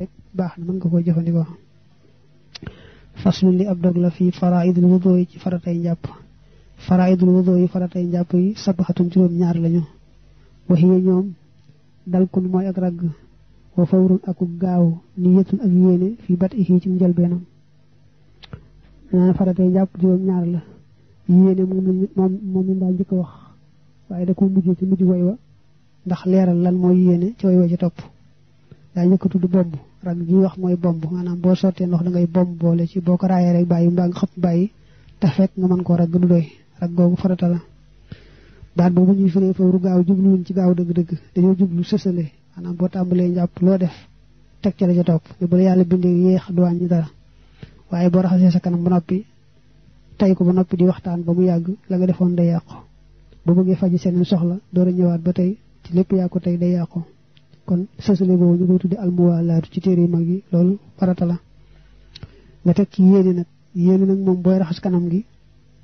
rek baax na mën nga koo jëfandikoo faslu li ab dog la fi faraidul wudu yi ci faratay njàpp faraidul wudu yi faratay njàpp yi sabaxatun juróom ñaar lañu waxiye ñoom dalkun mooy ak ragg wa fawrun aku gaaw niyatun ak yéene fii bat ixii ci njëlbeenam naa ñaar la yéene wax waaye da ko mujjee ci mujj woy ndax leeral lan mooy yéene ci woy wa ci topp daa njëkk tudd bomb rag bi wax mooy bomb maanaam boo sottee ndox da ngay bomb boole ci boo ko raayee rek bàyyi mbaa nga xëpp bàyyi te fekk nga man koo rag du doy rag googu farata la baat boobu ñuy firee fawru gaaw jubluwuñ ci gaaw dëgg-dëgg dañoo jublu sësale maanaam boo tàmbalee njàpp loo def teg ca la ca topp te bu la yàlla bindee yéex du wàññi dara waaye boo raxasee sa kanam ba noppi tey ko ba noppi di waxtaan ba mu yàgg la nga defoon day yàqu boo bëggee faji seen soxla door a ñëwaat ba tey ci lépp ko tey day yàqu kon sësale boobu ñu koy tudde almuwaalaatu ci téere yu mag yi loolu farata la nga teg ci yéene nag yéene nag moom booy raxas kanam gi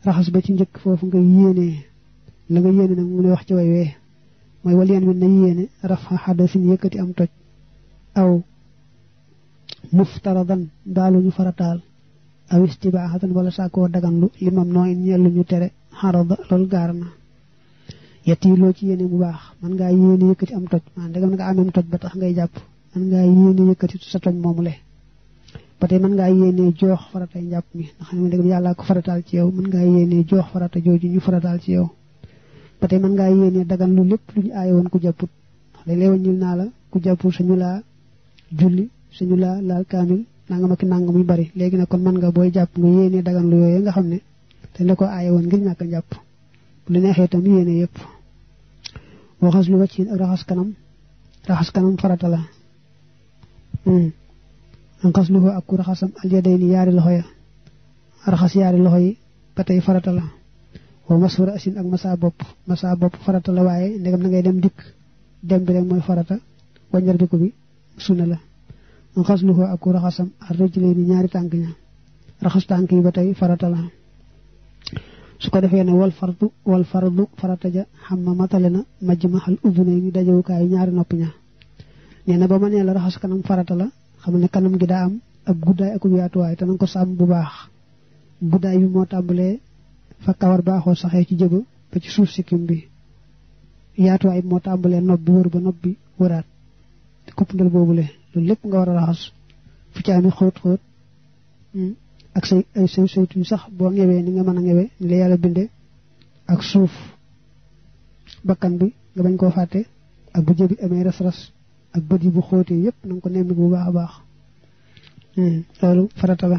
raxas ba ci njëkk foofu nga yéenee la nga yéene nag mu ne wax ci way wee mooy walyeen bi na yéene rafa xadasin yëkkati am toj aw muftaradan daalu ñu farataal aw istibaaxatan wala sàkkoo daganlu limam noo in ñellu ñu tere xarada loolu gaar na yett yi loo ci yéene bu baax mën ngaa yéene yëkkati am toj maanaam ndegam nga amam toj ba tax ngay jàpp mën ngaa yéene yëkkati sa toj moomu le ba tey mën ngaa yéene joox faratay njàpp mi ndax xam ne ndegam yàllaa ko farataal ci yow mën ngaa yéene joox farata jooju ñu farataal ci yow ba tey mën ngaa yéene dagan lu lépp lu ñu aaye woon ku jàpput ndax léeg-léeg naa la ku jàppul ñu laa julli sañu laa laal kaamil nangam ak nangam yu bari léegi nag kon man nga booy jàpp nga yéene dagan lu yooyu nga xam ne te ne ko aaye woon ngir ñàkk jàpp lu neexee tam yéene yëpp waxas lu ak raxas kanam raxas kanam farata la hmm. anxas lu ak ku raxasam aljadayni yaari loxo ya raxas yaari loxo yi ba tey farata la wa masfara asin ak masa bopp masa bopp waaye ndegam na ngay dem dikk dem bi rek mooy farata waññar dikk bi sunna la anxas lu ak ku raxasam arrëjleni ñaari tànk ña raxas tànk yi ba tey farata la su ko defee ne wal fardu wal fardu farata ja xam ma matale na majj ma xal udduna yi dajewukaay ñaari nopp ña nee na ba ma nee la raxas kanam farata la xam ne kanam gi daa am ak guddaay ak yaatuwaay te na ko sàmm bu baax guddaay bi moo tàmbalee fa kawar baaxoo saxee ci jëba ba ci suuf sikkim bi yaatuwaay bi moo tàmbalee nopp bi wër ba noppi bi wëraat te kuppandal boobule loolu lépp nga war a raxas fu ci ami xóot xóot hmm. ak say ay sew sewtuñ sax boo ngewee ni nga mën a ngewee ni la yàlla binde ak suuf bakkan bi nga bañ koo fàtte ak bu jëbi amee ras-ras ak bët yi bu xóotee yépp na ko nemmi bu baax a baax hmm, loolu farata la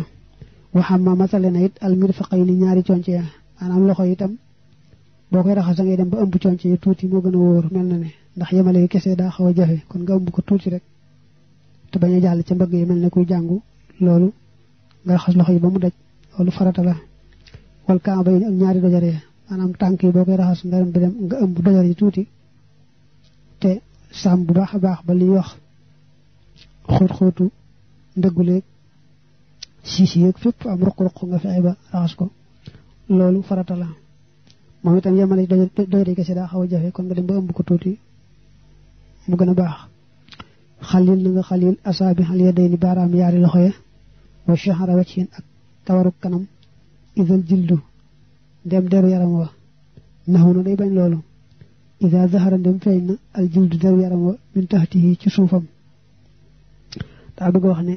waxam ma masale na it almirfaqa yi ni ñaari conce ya maanaam loxo itam boo koy raxas da ngay dem ba ëmb conce yi tuuti moo gën a wóor mel na ne ndax yemale yi kese daa xaw a jafe kon nga ëmb ko tuuti rek te bañ a jàll ca mbëgg yi mel ne kuy jàngu loolu nga raxas loxo yi ba mu daj loolu farata la wal kaaba yi ak ñaari dojare maanaam tànk yi boo koy raxas nga dem bi dem nga a baax ba liy wax xóot-xóotu ndëgguleeg siisi am ruq-ruq nga fexe ba ko loolu farata la moom itam yemale dojare yi kese daa xaw a jafe kon nga dem ba ëmb ko tuuti mu gën a baax xalil na nga xalil asaabi xal ya day ni baaraam yaari loxo ya wa shahra wajhin ak kawaru kanam isal jildu ndem deru yaram wa naxu na day bañ loolu isa zahara ndem feeñ na al jildu deru yaram wa min taxtihi ci suufam daa bëgg wax ne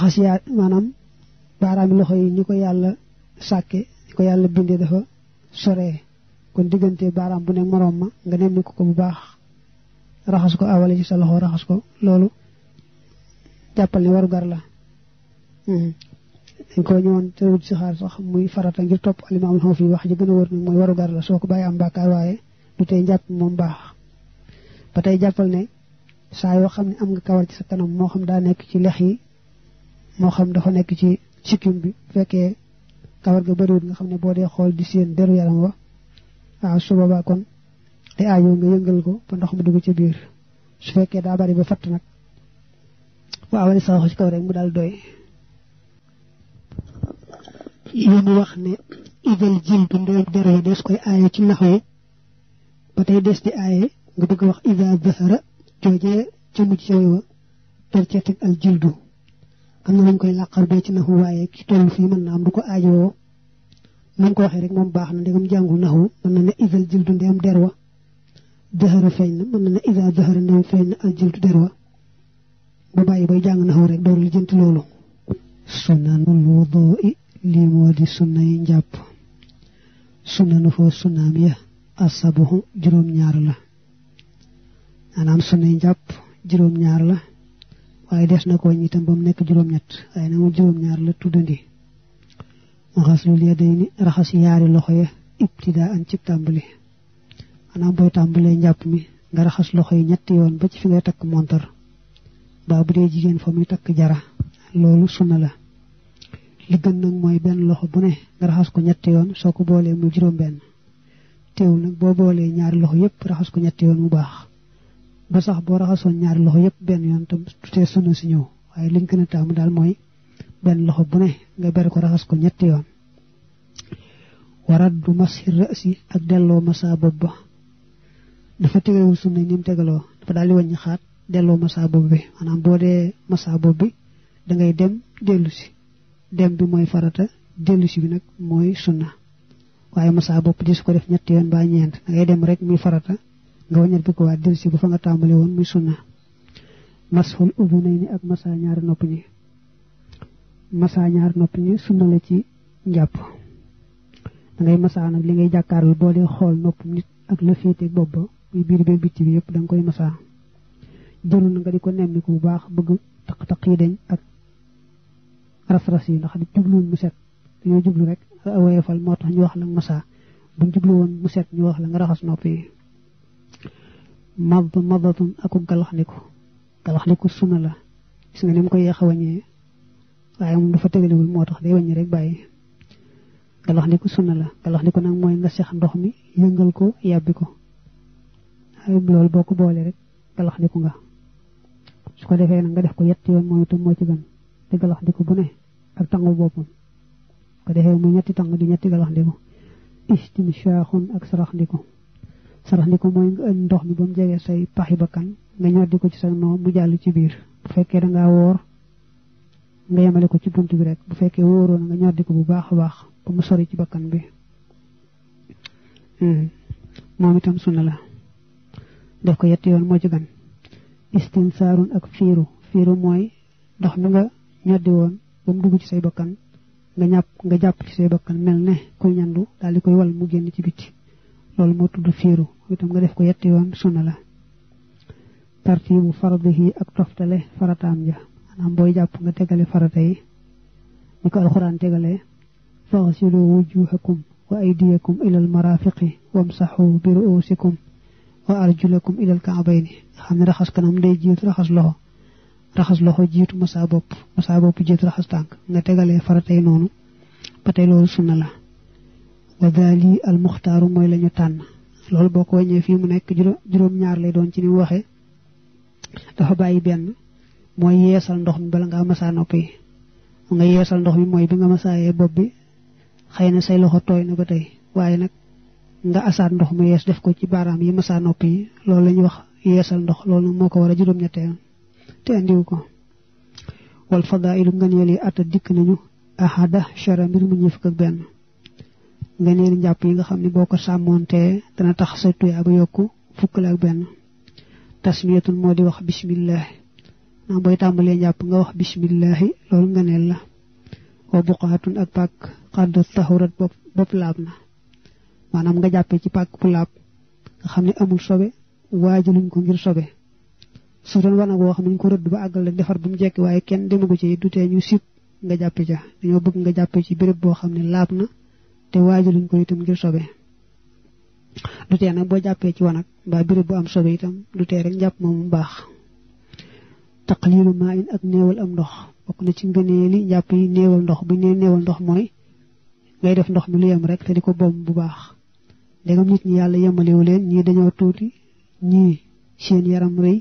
xasiyaa maanaam baaraami loxo yi ñu ko yàlla sàkke ñu ko yàlla bindee dafa sore kon diggante baaraam bu nekk moroom ma nga nemmiku ko ko bu baax raxas ko awale ci sa loxo raxas ko loolu jàppal ne warugar la dañ ko ñëwoon tërwut si xaar sax muy farata ngir topp alimaamul xoof yi wax ji gën a wër nag mooy waru gar la soo ko bàyyi am bàkkaar waaye du tey njàpp moom baax ba tey jàppal ne saa yoo xam ne am nga kawar ci sa kanam moo xam daa nekk ci lex yi moo xam dafa nekk ci sikkim bi fekkee kawar ga bëriwut nga xam ne boo dee xool di seen deru yaram wa waaw su boobaa kon day aajoo nga yëngal ko ba ndox mu dugg ci biir su fekkee daa bari ba fatt nag waaw wala saxu kaw mu daal doy yu mu wax ne idal jildu ndeem der ya des koy aaye ci naxwu ba tey des di aaye nga bëgg a wax ida zahara joojee ca mujj ca way wa dal cee al jildu am na lañ koy làqar dee ci naxwu waaye ci tollu fii mën naa am du ko aajowoo nu ko waxee rek moom baax na ndegam jàngul naxwu mën na ne idal jildu ndeem der wa zahara feeñ na mën na ne ida zahara ndeem feeñ na al jildu der wa ba bàyyi bay jàng naxwu rek door li jënti loolu sunanul lii moo di sunna yi njàpp sunna nu foo sunnaam ya asabuhu juróom-ñaar la maanaam sunna yi njàpp juróom-ñaar la waaye des na ko ñi itam nekk juróom-ñett waaye na mu juróom-ñaar la tuddandi maxaslul yadayni raxas yaari loxo ya ibtidaa an cib tàmbali maanaam booy tàmbalee njàpp mi nga raxas loxo yi ñetti yoon ba ci fi ngay takk montar baa bu dee jigéen fa muy takk jara loolu sunna la li gën nag mooy benn loxo bu ne nga raxas ko ñetti yoon soo ko boolee mu juróom benn teewul nag boo boolee ñaari loxo yépp raxas ko ñett yoon mu baax ba sax boo raxasoon ñaari loxo yépp benn yoon tam te sunu si ñëw waaye liñ gën a taamu daal mooy benn loxo bu ne nga ber ko raxas ko ñett yoon warat du masi si ak delloo masa bopp ba dafa tegalewul sunna ni daal di wàññi xaat delloo masa bi maanaam boo dee masa bopp bi dangay ngay dem dellu si dem bi mooy farata dellu bi nag mooy sunna waaye masaa bopp di ko def ñetti yoon ba ñeent dem rek muy farata nga wañat bi ko waa dellu si woon muy sunna masful ubbi nay ni ak masaa ñaari nopp ñi masaa ñaari ci njàpp dangay masaa li ngay jàkkaar boo xool nopp nit ak la féete bopp bi yëpp danga koy masaa jëlu na nga di ko nemmiku bu baax bëgg taq-taq yi dañ ak ras-ras yi ndax jubluwuñ mu set dañoo jublu rek woyefal moo tax ñu wax la masa bu jublu woon mu set ñu wax la nga raxas nopp yi madd maddatun aku galaxndiku galaxndiku sunna la gis nga ni mu koy a wàññee waaye moom dafa tëgaliwul moo tax day wàññi rek bàyyi galaxndiku sunna la galaxndiku nag mooy nga seex ndox mi yëngal ko yàbbi ko loolu boo ko boolee rek galaxndiku nga su ko defee nag nga def ko yett yoon mooy itam moo ci gën ñetti galax ndiku bu ne ak tangu boppam ko defee muy ñetti tang di ñetti galax ndiku ak sarax ndiku sarax ndiku mooy nga ëñ ndox mi ba mu jege say paxi bakkan nga ñor ci sa noo mu jàll ci biir bu fekkee danga woor nga yemale ko ci bunt bi rek bu fekkee wooroon nga ñor bu baax a baax ba mu sori ci bakkan bi hmm. moom itam sunna la def ko yetti yoon moo ci gan istinsaarun ak fiiru fiiru mooy ndox mi nga ñoddi woon ba mu dugg ci say bakkan nga ñàpp nga jàpp ci say bakkan mel ne kuy ñandu daal di koy wal mu génn ci bitti loolu moo tudd fiiru itam nga def ko yetti yoon sunna la tartiibu faradihi ak toftale farataam ja maanaam booy jàpp nga tegale farata yi ni ko alxuraan tegalee faxsilu wujuhakum wa aydiyakum ilal marafiqi wamsaxu bi ruusikum wa arjulakum ilal kaabayni xam ne raxas kanam day jiitu raxas loxo raxas loxo jiitu masaa bopp masaa bopp jiitu raxas tànk nga tegalee faratay noonu ba tey loolu sunna la wa al muxtaaru mooy la ñu tànn boo ko wàññee fii nekk juróom-ñaar lay doon ci ni mu bàyyi benn mooy yeesal ndox mi bala ngaa masaa nopp yi nga yeesal ndox mi mooy bi nga masaayee bopp bi xëy na say loxo tooy na ba tey waaye nag nga asaat ndox mu yees def ko ci baaraam yi masaa nopp yi loolu la ñuy wax yeesal ndox loolu moo ko war a juróom-ñetteel te andiwu ko wal fadailu ngëneel yi ata dikk nañu ahada chara mbir mu ñëw ak benn ngëneeli njàpp yi nga xam ne boo ko sàmmontee dana tax sa tuyaaba yokku fukk la ak benn tasmiyatun moo di wax bismillaahi naa booy tàmbalee jàpp nga wax bismillaahi loolu ngëneel la wa buqaatun ak pàkk xaddu taxurat bopp laab na maanaam nga jàppee ci pàkk bu laab nga xam ne amul sobe waajaluñ ko ngir sobe su doon wanag woo xam ne ko rëdd ba àggal rek defar bu mu jekki waaye kenn demagu ci du tee ñu sib nga jàpp ca dañoo bëgg nga jàpp ci béréb boo xam ne laab na te waajaluñ ko itam ngir sobe du nag boo jàppee ci wanag mbaa béréb bu am sobe itam du tee rek njàpp moomu baax taqliilu maa in ak néewal am ndox bokk na ci ngënee li njàpp yi néewal ndox bu nee neewal ndox mooy ngay def ndox mi lu yem rek te di ko bomb bu baax ndegam nit ñi yàlla yemalewu leen ñii dañoo tuuti ñii seen yaram rëy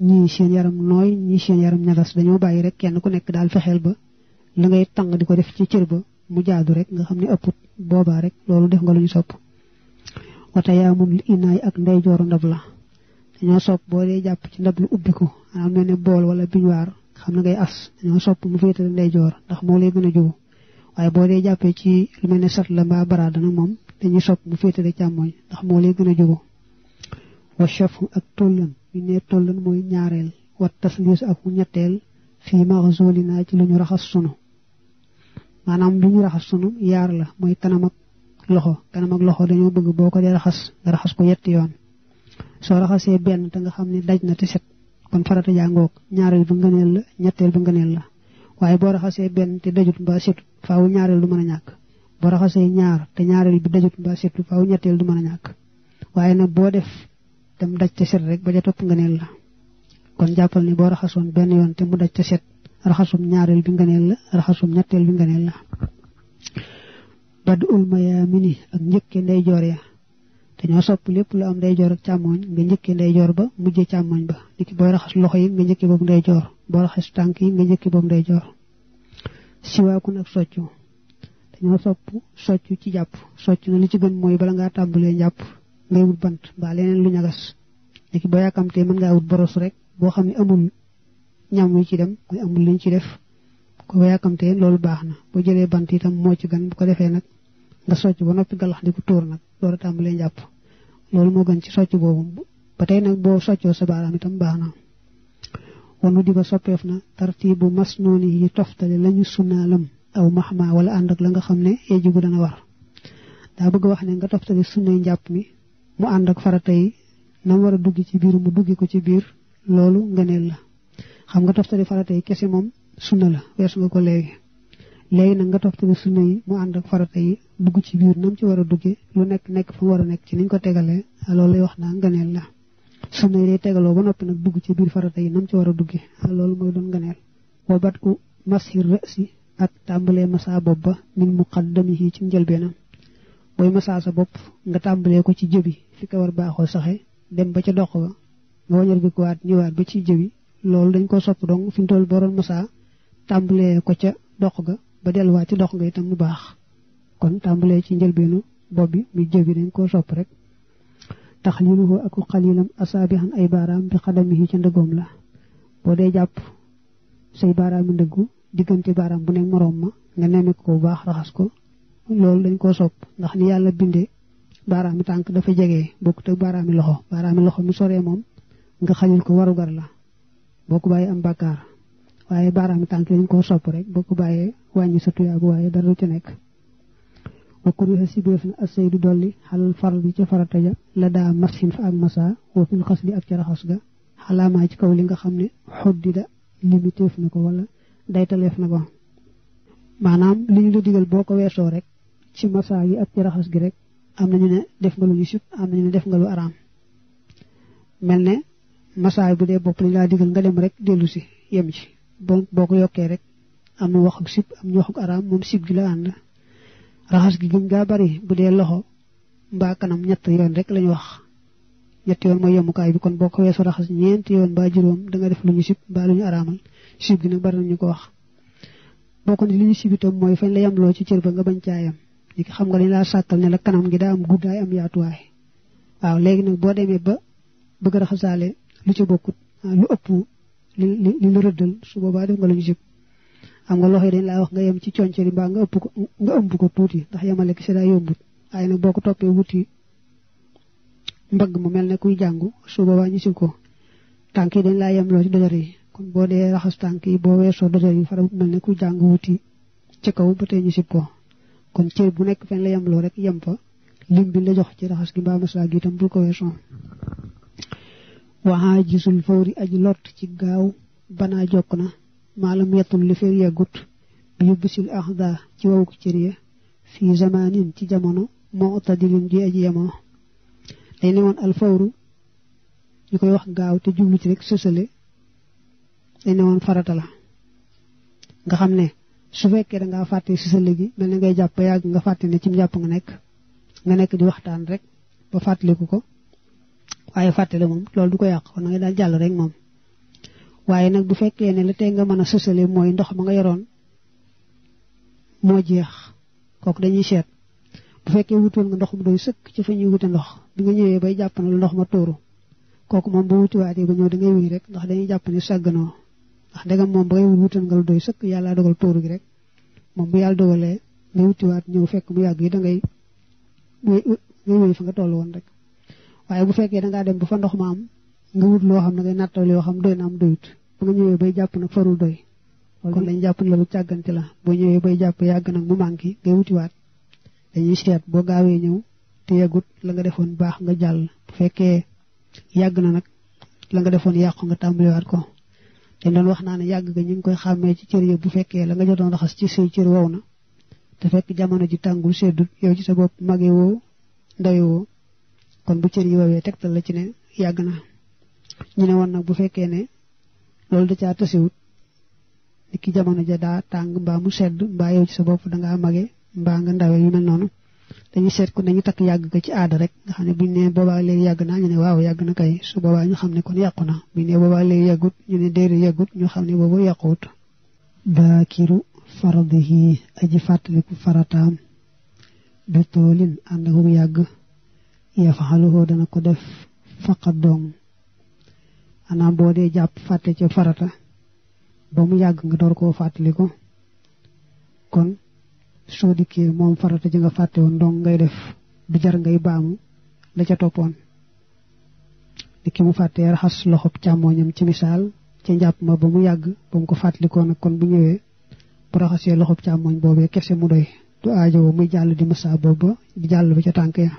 ñii seen yaram nooy ñii seen yaram ñagas dañoo bàyyi rek kenn ku nekk daal fexeel ba la ngay tàng di ko def ci cër ba mu jaadu rek nga xam ne ëpp boobaa rek loolu def nga lu ñu sopp wata yaa mun li inaay ak ndeyjooru ndab la dañoo sopp boo dee jàpp ci ndab lu ubbi ko mel ne bool wala biñuwaar xam na ngay as dañoo sopp mu féetale ndeyjoor ndax moo lay gën a jubu waaye boo dee jàppee ci lu mel ne sat la mbaa baraada nag moom dañuy sopp mu féetale càmmooñ ndax moo lay gën a jubu wa ak tollan yu ne tollan mooy ñaareel wat tasliis ak mu ñetteel fii maxzolinaa ci lu ñu raxas sunu maanaam lu ñu raxas sunu yaar la mooy kanam ak loxo kanam ak loxo dañoo bëgg boo ko dee raxas nga raxas ko yetti yoon soo raxasee benn te nga xam ne daj na te set kon farata jàngoog ñaareel bu ngëneel la ñetteel ba ngëneel la waaye boo raxasee benn te dajut ba setut faaw ñaareel du mën a ñàkk boo raxasee ñaar te ñaareel bi dajut mbaa setut faaw ñetteel du mën a ñàkk waaye nag boo def dem daj ca set rek ba ja topp ngëneel la kon jàppal ni boo raxasoon benn yoon te mu daj ca set raxasum ñaareel bi ngëneel la raxasum ñetteel bi ngëneel la badu ul maya mini ak njëkke joor ya dañoo sopp lépp lu am ndeyjoor ak càmmooñ nga njëkke joor ba mujje càmmooñ ba niki booy raxas loxo yi nga njëkke boobu joor boo raxas tànk yi nga njëkke boobu ndeyjoor siwaakun ak soccu dañoo sopp soccu ci jàpp soccu na li ci gën bala ngaa tàmbalee jàpp ngay wut bant mbaa leneen lu ñagas léegi boo yàkkamtee mën ngaa wut boros rek boo xam ne amul ñam wi ci dem muy amul liñ ci def ko boo yàkkamtee loolu baax na boo jëlee bant yi tam moo ci gan bu ko defee nag nga socc ba noppi galax di ko tuur nag door a tàmbalee jàpp loolu moo gën ci socc boobu ba tey nag boo soccoo sa baaraam itam baax na wanu di ba soppeef na tartiibu mas noonu yi toftale lañu sunnaalam aw maxma wala ànd ak la nga xam ne yejigu dana war daa bëgg wax ne nga toftale sunnay njàpp mi mu ànd ak farata yi nam war a dugg ci biir mu duggi ko ci biir loolu ngëneel la xam nga toftali farata yi kese moom sunna la su nga ko léegi léegi nag nga toftali sunna yi mu ànd ak farata yi bugg ci biir nam ci war a dugge lu nekk nekk fa mu war a nekk ci niñ ko tegalee loolu lay wax naa ngëneel la sunna yi tegaloo ba noppi nag dugg ci biir farata yi nam ci war a dugge loolu mooy doon ngëneel wa bat ku masir si ak tàmbalee masa bopp ba min muqaddamihi ci njëlbeenam booy masa sa bopp nga tàmbalee ko ci jëbi fi kawar baaxoo saxe dem ba ca doq ba nga wañar bi kuwaat ñëwaat ba ci jëwi loolu dañ koo sopp dong fi mu toll boroon masaa tàmbalee ko ca doq ga ba delluwaat ci doq ga tam lu baax kon tàmbalee ci njëlbeenu bopp bi muy jëwi dañ koo sopp rek ko ak xalilam asaabihan ay baaraam bi xadamihi ca ndëggoom la boo dee jàpp say baaraam yi ndëggu diggante baaraam bu nekk moroom ma nga nemmi ko bu baax raxas ko loolu dañ koo sopp ndax ni yàlla bindee baaraami tànk dafa jege bokkut ak baaraami loxo baaraami loxo mu soree moom nga xañul ko warugar la boo ko bàyyee am bàkkaar waaye baaraami tànk dañ koo sopp rek boo ko bàyyee wàññi sa tuyaabu waaye dara du ci nekk wakkur wi sibeef na assey yi dolli xalal faral bi ca farata ja la daa masin fa ak masa wa fil xas li ak ci raxas ga xalaamaa ci kaw li nga xam ne xoddida limiteef na ko wala daytaleef na ko maanaam li ñu la digal boo ko weesoo rek ci masa yi ak ci raxas gi rek am nañu ne def nga lu ñu sib am nañu ne def nga lu araam mel ne masaay bu dee bopp lañu laa digal nga dem rek dellu si yem ci bon boo ko yokkee rek am na wax ak sib am na wax ak araam moom sib gi la ànd raxas gi gën gaa bari bu dee loxo mbaa kanam ñett yoon rek lañu wax ñett yoon mooy yemukaay bi kon boo ko weesu raxas ñeenti yoon mbaa juróom da nga def lu ñu sib mbaa lu ñu araamal sib gi nag bari nañu ko wax boo ko ne li mooy fañ la yemloo ci cër ba nga bañ caayam nit ki xam nga dañ laa sàkkal ne la kanam gi daa am guddaay am yaatuwaay waaw léegi nag boo demee ba bëgg raxasaale lu ci bokkut ah, lu ëpp li li lu rëddal su boobaa def nga xam nga loxo yi dañ laa wax nga yem ci coñceli mbaa nga ëpp ko nga ëmb ko tuuti ndax yemale ki si daa yombut waaye nag boo ko toppee wuti mbagg mu mel ne kuy jàngu su boobaa ñu sib ko tànk yi dañ laa yemloo ci dojar yi kon boo dee raxas tànk yi boo weesoo dojar yi fara mel ne kuy jàngu wuti ci kaw ba ñu sib ko kon cër bu nekk fenn la yemloo rek yem fa lim bi la jox ci raxas gi mbaa saa gi tam bul ko weesoon waxaa gisul fawri aji lott ci gaaw banaa jokk na maalam yetul li fer yeggut yóbbu sil axda ci waw ko cër ya fii zamanin ci jamono moo otadilin ji aji yemoo day ne woon al fawru ñu koy wax gaaw te jublu ci rek sësale day ne woon farata la nga xam ne su fekkee da ngaa fàtte si sa léegi mel na ngay jàpp yàgg nga fàtte ne ci jàpp nga nekk nga nekk di waxtaan rek ba fàttaliku ko waaye fàttale moom loolu du ko yàq kon daal jàll rek moom waaye nag bu fekkee ne la tey nga mën a sësale mooy ndox ma nga yoroon moo jeex kooku dañuy seet bu fekkee wutoon nga ndox mu doy sëkk ci fa ñuy wute ndox bi nga ñëwee bay jàpp ne la ndox ma tóoru kooku moom bu wutiwaatee ba ñëw da ngay wéy rek ndax dañuy jàpp ne sàgganoo ndax ndegam moom ba ngay wutal nga sëkk yàlla dogal tóoru gi rek moom yàlla dogalee nga wutiwaat ñëw fekk mu yàgg yi da nga toll woon rek waaye bu fekkee da ngaa dem ba fa ndox ma am nga wut loo xam ne ngay nattal yoo xam doy na am doyut ba nga ñëwee bay jàpp nag farul doy kon dañ jàpp ne la lu càggante la boo ñëwee bay jàpp yàgg nag mu manqué ngay wutiwaat dañuy seet boo gaawee ñëw te yàggut la nga defoon baax nga jàll bu fekkee yàgg na nag la nga defoon yàqu nga tàmbaliwaat ko dañ doon wax naa ne yàgg nga ñu ngi koy xàmmee ci cër yi bu fekkee la nga jotoon raxas ci say cër wow na te fekk jamono ji tàngul seddul yow ci sa bopp mage woo ndawe woo kon bu cër yi woowee tegtal la ci ne yàgg na ñu ne woon nag bu fekkee ne loolu da caa tasiwut nit ki jamono ja daa tàng mbaa mu sedd mbaa yow ci sa bopp dangaa mage mbaa nga ndawe yu mel noonu dañuy seet ku dañu takk yàgg ko ci aada rek nga xam ne buñ ne boobaa léegi yàgg naa ñu ne waaw yàgg na kay su boobaa ñu xam ne kon yàqu na buñ ne boobaa léegi yàggut ñu ne déedéet yàggut ñu xam ne boobu yàquwut baakiru faradihi aji fàttaliku farataam bi toolin yàgg dana ko def faqat dong boo dee jàpp fàtte ca farata ba mu yàgg nga door koo fàttaliku kon soo dikkee moom farata ji nga fàtte woon ndong ngay def du jar ngay baamu la ca toppoon dikki mu fàtte raxas loxob càmmooñam ci misaal ca njàpp ma ba mu yàgg ba mu ko fàttalikoo nag kon bu ñëwee bu raxasee loxob càmmooñ boobee kese mu doy du aajowoo muy jàll di massa booba di jàll ba ca tànk ya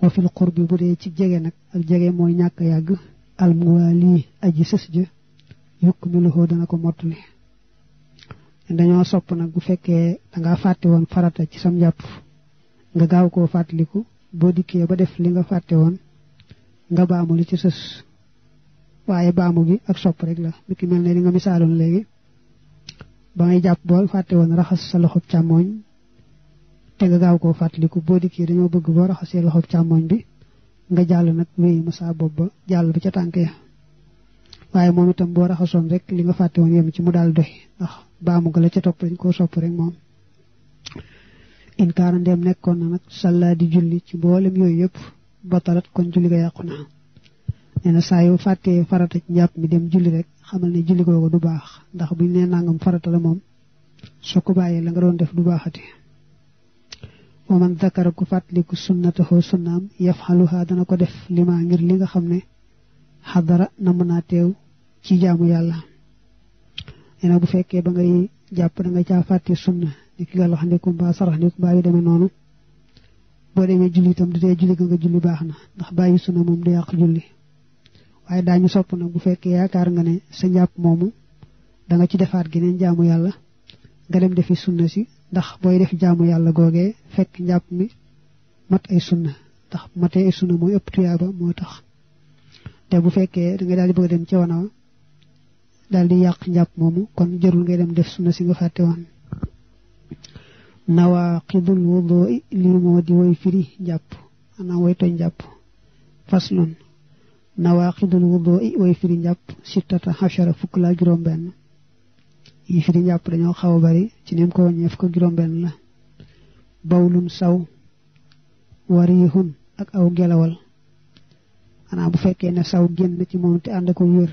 wa fil qurbi bu dee ci jege nag ak jege mooy ñàkk yàgg almuwaali aji sës ja yukk mi loxoo dana ko mottali dañoo sopp nag bu fekkee dangaa fàtte woon farata ci sam njàpp nga gaaw koo fàttaliku boo dikkee ba def li nga fàtte woon nga baamu li ci sës waaye baamu gi ak sopp rek la lu ki mel ne li nga misaaloon léegi ba ngay jàpp bool fàtte woon raxas sa loxob càmmooñ te gaaw koo fàttaliku boo dikkee dañoo bëgg boo raxasee loxob càmmooñ bi nga jàll nag wéyi ma saa bopp ba jàll ba ca tànk ya waaye moom itam boo raxasoon rek li nga fàtte woon yem ci mu daal doy baamu la ca topp koo sopp rek moom inkaara ndeem nekkoon na nag sàllaa di julli ci mboolem yooyu yëpp batalat kon julli ga yàqu na nee na saa fàttee farata ci njàpp mi dem julli rek xamal ne julli googu du baax ndax bu nee nangam farata la moom soo ko bàyyee la nga doon def du baaxati wa man zakara ku fàttaliku sunnatahu sunnaam yafxaluha dana ko def lima ngir li nga xam ne xadara namm naa teew ci jaamu yàlla nee bu fekkee ba ngay jàpp da nga caa fàtte sunna ni ki gàllo xam ne kumba sarax ni kumba yu demee noonu boo demee julli itam du dee julli nga nga julli baax na ndax bàyyi sunna moom du yàq julli waaye daañu sopp bu fekkee yaakaar nga ne sa njàpp moomu da ci defaat geneen jaamu yàlla nga dem defi sunna si ndax booy def jaamu yàlla googee fekk njàpp mi mat ay sunna ndax matee ay sunna mooy ëpp tuyaaba moo tax te bu fekkee da nga daal di bëgg dem ci wana daal di yàq njàpp moomu kon jërul ngay dem def sunna si nga fàtte woon nawaqidul wudoo lii moo di woy firi njàpp maanaam woy toj njàpp faslun nawaqidul wudoo woy firi njàpp sittata xachara fukk laa juróom benn yi firi njàpp dañoo xaw a bari ci nim ko wàññeef ko juróom benn la bawlun saw warihun ak aw gelawal xanaa bu fekkee ne saw génn ci moom te ànd ko wér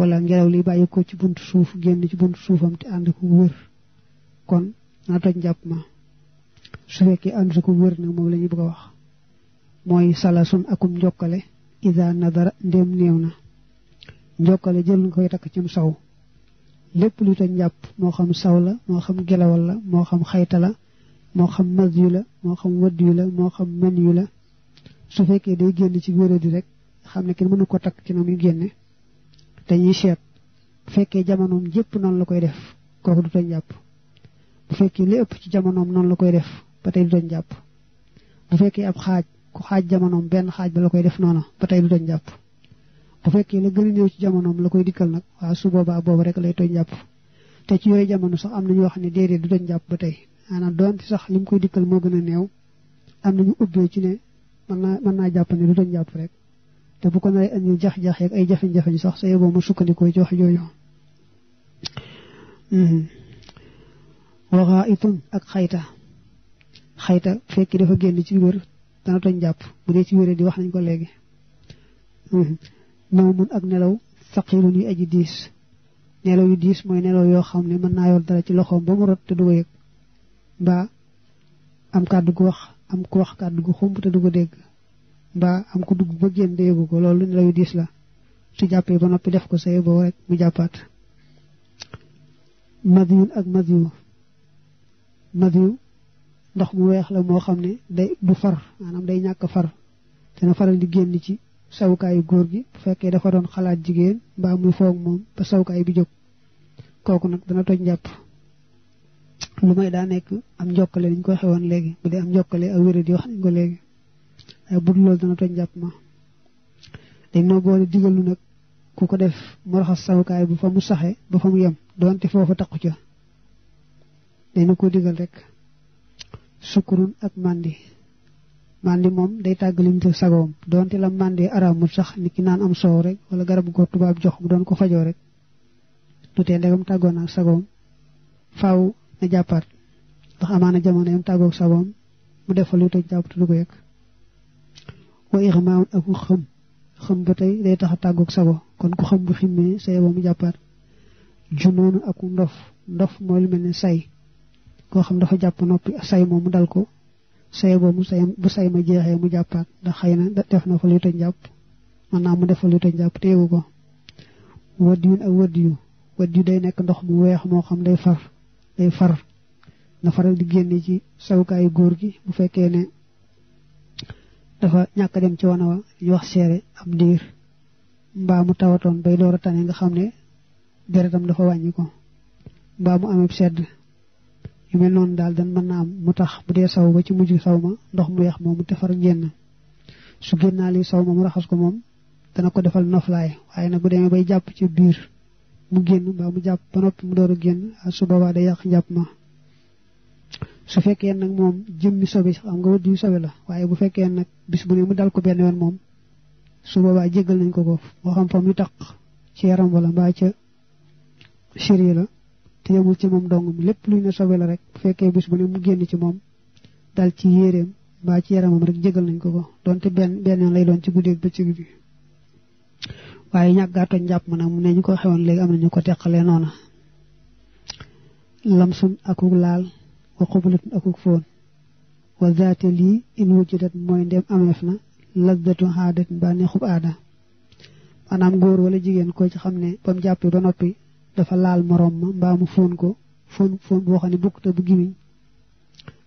wala ngelaw li bàyyi ko ci buntu suuf génn ci buntu suufam te ànd ko wër kon naa toj njàpp ma su fekkee ànd ko wër na moom la ñu bëgg a wax mooy salasun akum njokkale ida nadara ndéem néew na njokkale jël nga koy takk ci cim saw lépp lu toj njàpp moo xam saw la moo xam gelawal la moo xam xayta la moo xam mas la moo xam wëdd la moo xam men yu la su fekkee day génn ci wéradi rek xam ne kenn mënu ko takk ci na muy génne dañuy seet bu fekkee jamonoom jëpp noonu la koy def kooku du doon jàpp bu fekkee li ëpp ci jamonoom noonu la koy def ba tey du doon jàpp bu fekkee ab xaaj ku xaaj jamonoom benn xaaj ba la koy def noonu ba tey du jàpp bu fekkee la gën a néew ci jamonoom la koy dikkal nag waa su boobaa boobu rek lay doon jàpp te ci yooyu jamono sax am na ñoo xam ne déedéet du doon jàpp ba tey maanaam doonte sax li mu koy dikkal moo gën a néew am na ñu ubbee ci ne mën naa mën naa jàpp ne du doon jàpp rek. te bu ko naree indil jax-jax yeeg ay jafe-jafe ji sax sa yeboo ma sukkandikoo ci wax jooju hmm. waxaa itun ak xayta xayta fekki dafa génn ci wér dana toñ jàpp bu dee ci wéré di wax nañ ko léegi nawmun hmm. ak nelaw faqirun yu aji diis nelaw yu diis mooy nelaw yoo xam ne mën naa yoon dara ci loxoom ba mu rot te du ko yëg mbaa am kàddu gu wax am ku wax kàddu gu xumb te du ko dégg mbaa am ko dugg ba génn de ko loolu lu ñu layu diis la su jàppee ba noppi def ko say boo rek mu jàppaat madiyun ak madiyu madiyu ndox mu weex la moo xam ne day du far maanaam day ñàkk far dana faral di génn ci sawukaayu góor gi bu fekkee dafa doon xalaat jigéen mbaa muy foog moom ba sawukaay bi jóg kooku nag dana toj jàpp lu may daa nekk am njokkale ni ñu ko waxee woon léegi bu dee am njokkale ak wéré wax nañ ko léegi waaye bu dul loolu dana toj njàpp ma digalu nag ku ko def mu raxas sawukaay bu fa mu saxee ba fa mu yem doonte foofa taqu ca dañu ko digal rek sukkurun ak màndi màndi moom day tàgg tàggali nit sagoom doonte la màndi mu sax ni ki naan am soow rek wala garab ko tubaab jox mu doon ko fajoo rek du tee ndegam tàggoon ak sagoom faaw na jàppaat ndax amaana jamono yam tàggoog sagoom mu defal fa lu toj jàpp te du ko yëg wa ixmaawun ak xam xam ba tey day tax a tàggoog kon ku xam bu ximmee sa yeboo mu jàppaat junoonu ak ndof ndof mooy lu mel ne say koo xam dafa jàpp noppi say moom mu dal ko say boo mu say ma jeexee mu jàppaat ndax xëy na def na fa luy te jàpp mën naa mu def fa luy tëj jàpp téegu ko wadd yun ak wadd yu wadd yu day nekk ndox mu weex moo xam day far day far na di génne ci sawukaayu góor gi bu fekkee ne dafa ñàkk dem ci wana wa ñu wax seere am diir mbaa mu tawatoon bay door a tane nga xam ne deretam dafa wàññi ko mbaa mu amee sedd yu mel noonu daal dan mën na am mu tax bu dee saw ba ci mujj saw ma ndox mu weex moom mu defar génn su génnaali saw ma mu raxas ko moom dana ko defal noflaay waaye nag bu demee bay jàpp ci biir mu génn mbaa mu jàpp ba noppi mu door a génn su boobaa day yàq njàpp ma su fekkee nag moom jëmmi sobe xam nga wëdd yu sobe la waaye bu fekkee nag bis bu ne mu dal ko benn yoon moom su boobaa jéggal nañ ko ko moo xam fa mu tax ci yaram wala mbaa ca chéri la te yemul ci moom dong lépp luy ne sobe la rek bu fekkee bis bu ne mu génn ci moom dal ci yéreem mbaa ci yaramam rek jégal nañ ko ko donte benn benn lay doon ci guddeeg bëccëg bi waaye ñàkkaatoo njàpp ma nag mu ne ñu ko xewoon léegi am na ñu ko teqalee noona lamsun akuk laal wa xubalatun akuk foon wa zaate lii in wujudat mooy ndem ameef na laddatu aadatin bànneexub aada maanaam góor wala jigéen koo ci xam ne ba jàpp jàppee ba noppi dafa laal moroom ma mbaa mu fóon ko fóon fóon boo xam ne bukk te bu gimiñ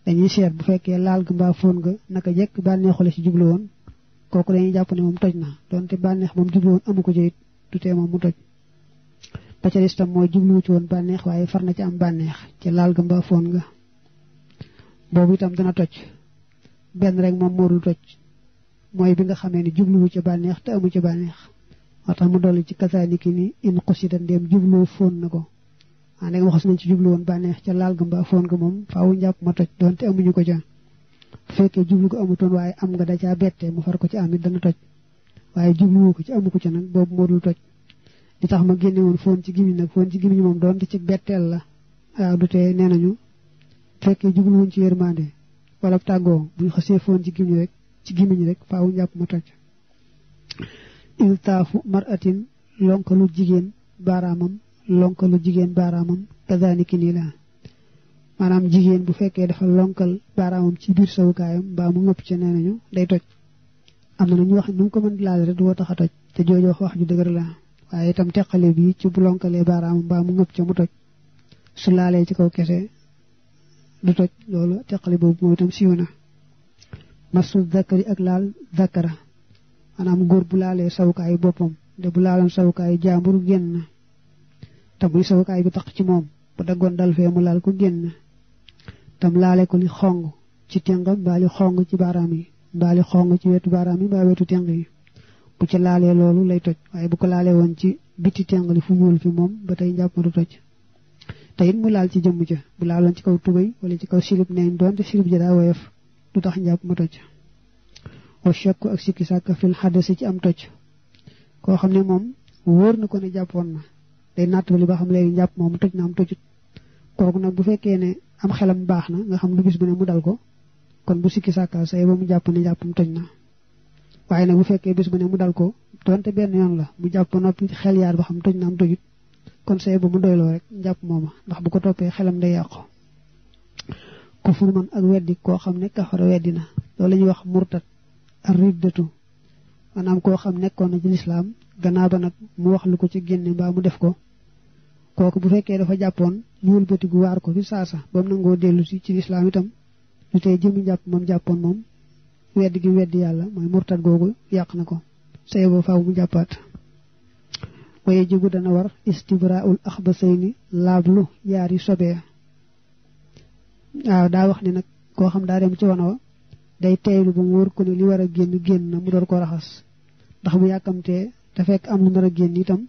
dañuy seet bu fekkee laal ga mbaa fóon ga naka jekk bànneexu la ci jublu woon kooku dañuy jàpp ne moom toj na doonte bànneex moom jublu amu ko jëyit du moom mu toj ba ca des mooy jubluwu ci woon bànneex waaye far na ci am bànneex ci laal ga boobu itam dana toj benn rek moom moo dul toj mooy bi nga xamee ni jubluwu ca bànneex te amu ci bànneex moo tax mu dolli ci kasaaliki ni in xusida ndeem jubluwu foon na ko ah léegi waxas nañ ci jublu woon bànneex ca laal ga mbaa foon ga moom faaw njàpp ma toj doonte amuñu ko ca bu fekkee jublu ko amutoon waaye am nga da caa bette mu far ko ci am it dana toj waaye jubluwu ko ci amu ca nag boobu moo dul toj di tax ma génne woon foon ci gimiñ nag foon ci gimiñ moom doonte ci betteel la waaw nee nañu fekkee jublu wuñ ci yërmande wala tàggoo buñ xasee foon ci gémmiñ ci gémmiñ rek faaw njàpp mu toj iltaafu maratin lonkalu jigéen baaraamam lonkalu jigéen baaraamam kazaniki nii la maanaam jigéen bu fekkee dafa lonkal baaraamam ci biir sawukaayam mbaa mu ngëpp ci nee day toj am na ñu wax nu ko mën laal rek woo tax a toj te jooju wax wax ju dëgër la waaye itam teqale bi ci bu lonkalee baaraamam baa mu ngëpp ca mu toj su laalee ci kaw kese du toj loolu teqale boobu moom itam siiw na masu zakari ak laal zakara maanaam góor bu laalee sawukaay boppam de bu laaloon sawukaay jaambur génn te muy sawukaay bi tax ci moom daggoon dal fee laal ko génn tam laale ko li xong ci tengam mbaa li xong ci baaraam yi mbaa li xong ci wetu baaraam yi mbaa wetu teng yi bu ci laalee loolu lay toj waaye bu ko laalee woon ci biti teng li fu ñuul fi moom ba tey njàpp ma du toj te it mu laal ci jëmm ja bu laaloon ci kaw tubéy wala ci kaw silib neen doonte silib ja daa woyof du tax njàpp ma toj wa ko ak sikki sàkka fil xadasi ci am toj koo xam ne moom wóor na ko ne jàppoon na day nattali ba xam léegi njàpp mu toj na am tojut kooku nag bu fekkee ne am xelam baax na nga xam lu bis ne mu dal ko kon bu sikki sàkka say ba mu jàpp ne njàppam toj na waaye nag bu fekkee bis bu ne mu dal ko doonte benn yoon la mu jàpp noppi xel yaar ba xam toj na am toj kon say bu mu doyloo rek njàpp mooma ndax bu ko toppee xelam da yàqu kufur man ak weddi koo xam ne kafara weddi na lool la ñuy wax murtat ar riddatu maanaam koo xam nekkoon na ci lislaam gannaaw ba nag mu wax lu ko ci génne mbaa mu def ko kooku bu fekkee dafa jàppoon ñu wëlbati gu waar ko fi saasa ba mu nangoo dellusi ci lislaam itam lu tey jëmi jàpp moom jàppoon moom weddi gi weddi yàlla mooy murtat googu yàq na ko saye boo faaw mu jàppaat waye jigu dana war istibraul axbasayni laablu yaari sobee waaw daa wax ni nag koo xam daa dem ci wana wa day teeylu ba mu wóor ko ne li war a génn génn na mu door ko raxas ndax bu yàkkamtee te fekk am lu dara a génn itam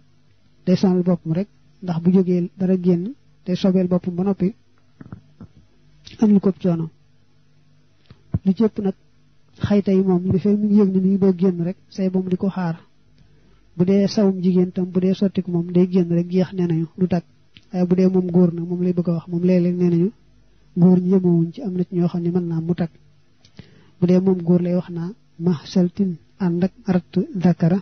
day sonal boppam rek ndax bu jógee dara génn te sobeel boppam ba noppi am lu ko coono lu jëpp nag xayta yi moom li fee mu ngi ni mi ngi génn rek say boom di ko xaar bu dee sawum jigéen tam bu dee ku moom day génn rek jeex nee nañu du tag waaye bu dee moom góor na moom lay bëgg wax moom léeg-léeg nee nañu góor ñi ci am na ci ñoo xam ne mën naa mu tag bu dee moom góor lay wax naa mahsaltin ànd ak ratt zakara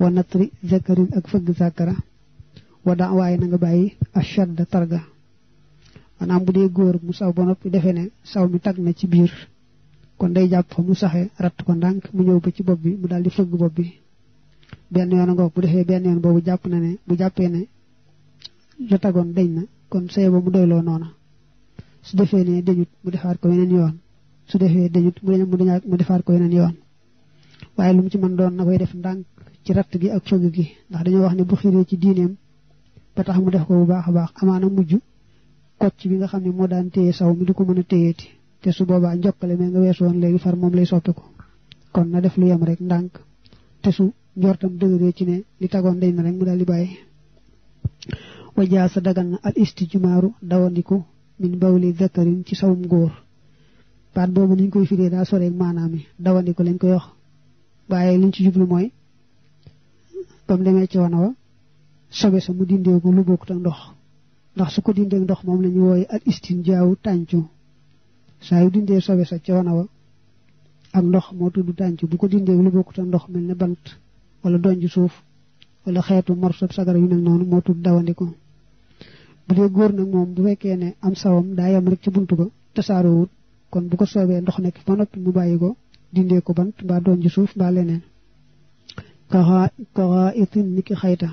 wa natri zakarin ak fëgg zakara wa daa waaye na nga bàyyi ashadda targa maanaam bu dee góor mu saw ba noppi defee ne saw mi tag na ci biir kon day jàpp fa mu saxee ratt ko ndànk mu ñëw ba ci bopp bi mu daal di fëgg bopp bi benn yoon ngoog bu defee benn yoon boobu jàpp na ne bu jàppee ne la tagoon deñ na kon sëy ba mu doyloo noona su defee ne deñut mu defaat ko yeneen yoon su defee deñut mu deñaat mu defaat ko yeneen yoon waaye lu mu ci mën doon na koy def ndànk ci ratt gi ak fogg gi ndax dañoo wax ne bu xiiree ci diineem ba tax mu def ko bu baax a baax amaana mujj kocc bi nga xam ne moo daan téye saw mi di ko mën a ti te su boobaa njokkale mais nga weesu woon léegi far moom lay soppi ko kon na def lu yem rek ndànk njortam dëgëree ci ne li tagoon day na rek mu daal di bàyyi wajaa sa dagan na al istijmaaru dawandiku min bawli zakarin ci sawum góor baat boobu niñ koy firee daal soreeg maanaam yi dawandiku lañ koy wax bàyyi liñ ci jublu mooy ba mu demee ci wana wa sobe sa mu dindee ko lu bokkut ak ndox ndax su ko dindee ndox moom lañuy wooye al istinjaawu tàncu saa yu dindee sobe sa ci wana wa ak ndox moo tudd tàncu bu ko dindee lu bokkut ak ndox mel ne bant wala donj suuf wala xeetu morsob sagara yu mel noonu moo tudd dawandiku bu dee góor nag moom bu fekkee ne am sawam daa yem rek ci bunt ba tasaaroowut kon bu ko soobee ndox nekk ba noppi bàyyi ko dindee ko bant mbaa donj suuf mbaa leneen kaxa xayta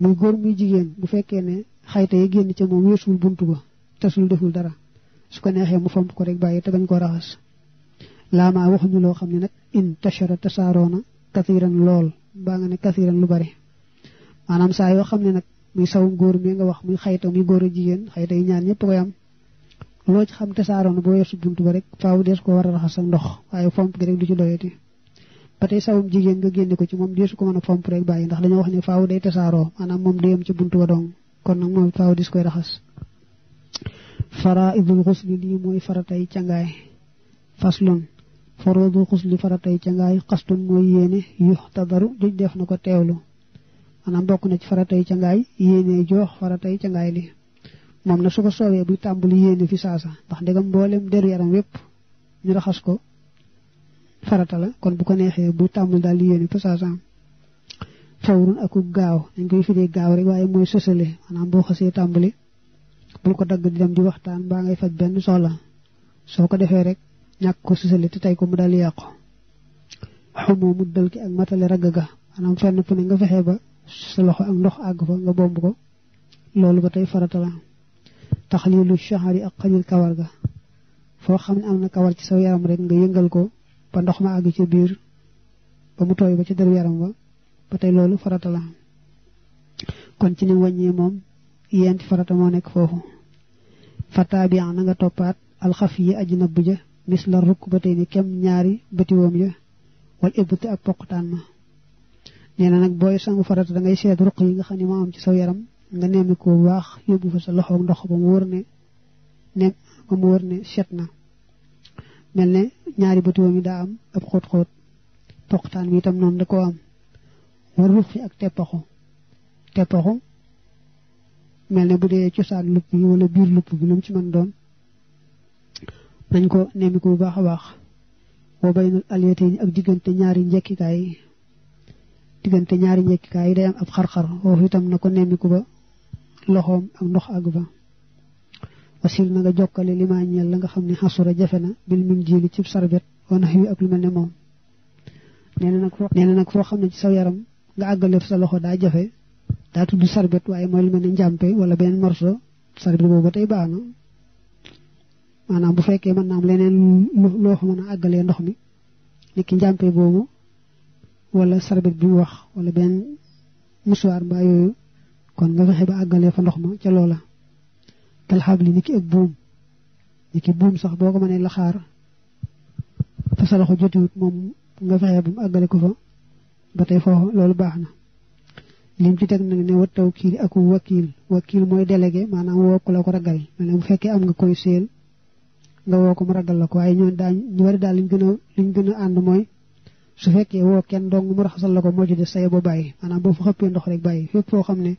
muy góor muy jigéen bu fekkee ne xayta yi génn ca moom weesul bunt ba tasul deful dara su ko neexee mu fomp ko rek bàyyi te bañ koo raxas laamaa waxuñu loo xam ne nag in tashara tasaaroona kathiran lool mbaa nga ne kathiran lu bari maanaam saa yoo xam ne nag muy sawum góor mi nga wax muy xayta muy góor a jigéen xayta yi ñaan ñëpp koy am loo ci xam tasaaroo saaroon boo yor su buntu ba rek faaw dees ko war a raxas ak ndox waaye fomp gi rek du ci doyati ba tey sawum jigéen nga génne ko ci moom deesu ko mën a fomp rek bàyyi ndax dañoo wax ne faaw day tasaaroo maanaam moom du yem ci buntu ba dong kon nag moom faaw dis koy raxas faraidul xusli lii mooy faratay cangaay faslon faradu xusli faratay ca ngaay xastun mooy yéene yu tadaru juj def na ko teewlu maanaam bokk na ci faratay ca ngaay yéene joox faratay ca li moom na su ko soowee buy tàmbul yéene fi saasa ndax ndegam mboolem der yaram yépp ñu raxas ko farata la kon bu ko neexee buy tàmbali daal yéene fi saasa fawrun aku gaaw dañ koy firee gaaw rek waaye mooy sësale maanaam boo xasee tàmbali bul ko dagg di dem di waxtaan baa ngay faj benn soxla soo ko defee rek ñàkk ko susali te tey ko mu daal yàqu xamoo mu dal ki ak matale ragg ga maanaam fenn fu ne nga fexe ba sa loxo ak ndox àgg fa nga bomb ko loolu ba tey farata la taxliilu shahari ak xajul kawar ga foo xam ne am na kawar ci saw yaram rek nga yëngal ko ba ndox ma àgg ci biir ba mu tooy ba ci deru yaram ba ba tey loolu farata la kon ci ni wàññee moom yenti farata moo nekk foofu fataabiya na nga toppaat alxaf yi aji nëbb ja mis la rukk ba tey ni kem ñaari bëti woom ya wal ibbati ak poqutaan ma nee na nag booy sangu farata da ngay seet ruq yi nga xam ni moo am ci sa yaram nga nemmi ko bu baax yóbbu fa sa loxoog ndox ba mu wër ne ne ba mu set na mel ne ñaari bëti yi daa am ab xóot-xóot poqutaan bi itam noonu da ko am war ruq yi ak teppaxu teppaxu mel ne bu dee cosaan lupp yi wala biir lupp bi lu mu ci mën doon nañ ko nemiku bu baax a baax boo baynul aliyatayn ak diggante ñaari njekkikaay diggante ñaari njekkikaay yi day am ab xar-xar foofu itam na ko nemiku ba loxoom ak ndox àgg ba wasil na nga jokkale li maa ñeel la nga xam ne xasura jafe na bil mim jiili cib sarbet nax yu ak lu mel ne moom nee na nag na nag foo xam na ci saw yaram nga àggale sa loxo daa jafe daa tudd sarbet waaye mooy lu mel ne njàmpe wala beneen morso sarbet boobu ba tey baax na maanaam bu fekkee man naa am leneen loo fa mën a àggalee ndox mi ni ki njàmpe boobu wala sarbet bi wax wala benn musuwaar mbaa yooyu kon nga fexe ba àggalee fa ndox ma ca loola tel xabli ni ki ak buum ni ki buum sax boo ko mënee laxaar fa sa loxo jotiwut moom nga fexe ba mu àggale ko fa ba tey foofu loolu baax na lim ci teg nag ne wa taw kiil aku wakiil wakiil mooy délégué maanaam woo ku la ko ragal ma ne bu fekkee am nga koy seel nga woo ko mu ragal la ko waaye ñoo daañ ñu bari daal liñ gën a liñ gën ànd mooy su fekkee woo kenn dong mu raxasal la ko moo ci des saye bo bàyyi maanaam boo fa xëppee ndox rek bàyyi fépp foo xam ne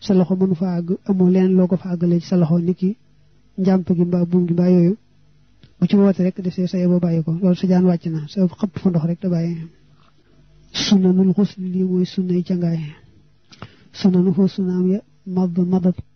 sa loxo mënu fa àgg amoo leneen loo ko àggalee ci sa loxo nit ki njàmp gi mbaa buum gi yooyu bu rek desee saye bo bàyyi ko loolu sa jaan wàcc na sa xëpp fa ndox rek da bàyyi sunanul xusli lii mooy sunna yi cangaay sunanu foo sunaam ya mad madat